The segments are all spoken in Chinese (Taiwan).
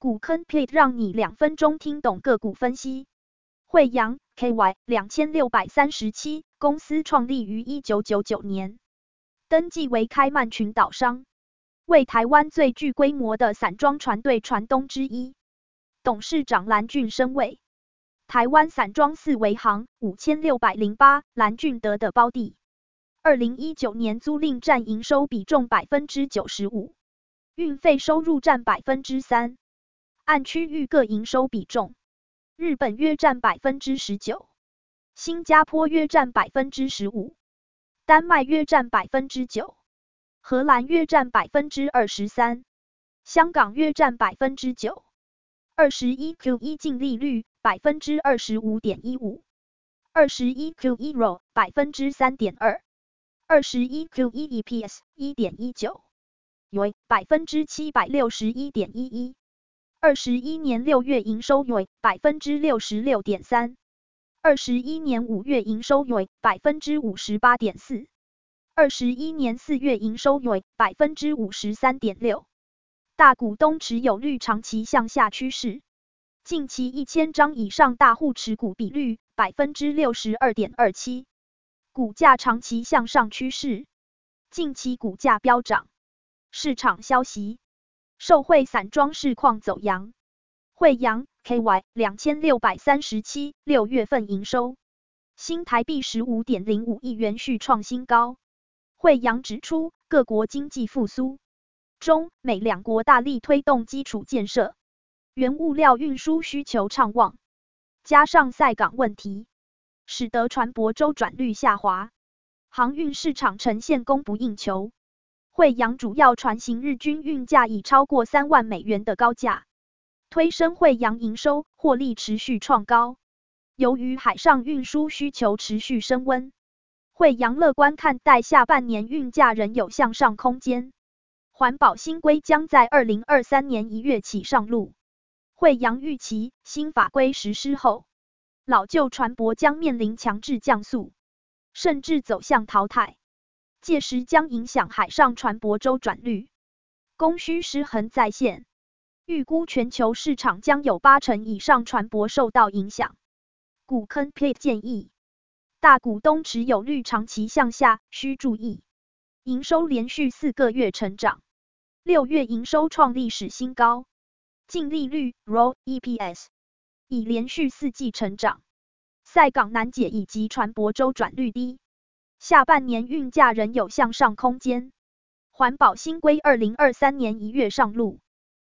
股坑 plate 讓你兩分鐘聽懂個股分析。慧洋 KY 兩千六百三十七，公司創立於一九九九年，登記為開曼群島商，為台灣最具規模的散裝船隊船東之一。董事長藍俊昇為台灣散裝四維航五千六百零八藍俊德的胞弟。二零一九年租賃佔營收比重百分之九十五，運費收入佔百分之三。按區域各營收比重，日本約占百分之十九，新加坡約占百分之十五，丹麥約占百分之九，荷蘭約占百分之二十三，香港約占百分之九。二十一 Q 一淨利率百分之二十五點一五，二十一 Q 一 ROE 百分之三點二，二十一 Q 一 EPS 一點一九，YoY 百分之七百六十一點一一。二十一年六月營收為百分之六十六點三，二十一年五月營收為百分之五十八點四，二十一年四月營收為百分之五十三點六。大股東持有率長期向下趨勢，近期一千張以上大戶持股比率百分之六十二點二七，股價長期向上趨勢，近期股價飆漲。市場消息。受惠散裝市況走揚，慧洋 KY 兩千六百三十七六月份營收新台幣十五點零五億元續創新高。慧洋指出，各國經濟復甦，中美兩國大力推動基礎建設，原物料運輸需求暢旺，加上塞港問題，使得船舶周轉率下滑，航運市場呈現供不應求。慧洋主要船型日均運價已超過三萬美元的高價，推升慧洋營收獲利持續創高。由於海上運輸需求持續升溫，慧洋樂觀看待下半年運價仍有向上空間。環保新規將在二零二三年一月起上路，慧洋預期新法規實施後，老舊船舶將面臨強制降速，甚至走向淘汰。屆時將影響海上船舶週轉率，供需失衡再現，預估全球市場將有八成以上船舶受到影響。股坑 pit 建議，大股東持有率長期向下需注意，營收連續四個月成長，六月營收創歷史新高，淨利率 ROE EPS 已連續四季成長，塞港難解以及船舶週轉率低。下半年運價仍有向上空間。環保新規二零二三年一月上路，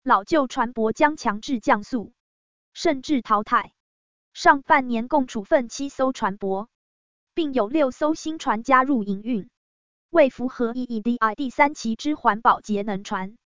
老舊船舶將強制降速，甚至淘汰。上半年共處分七艘船舶，並有六艘新船加入營運，為符合 EEDI 第三期之環保節能船。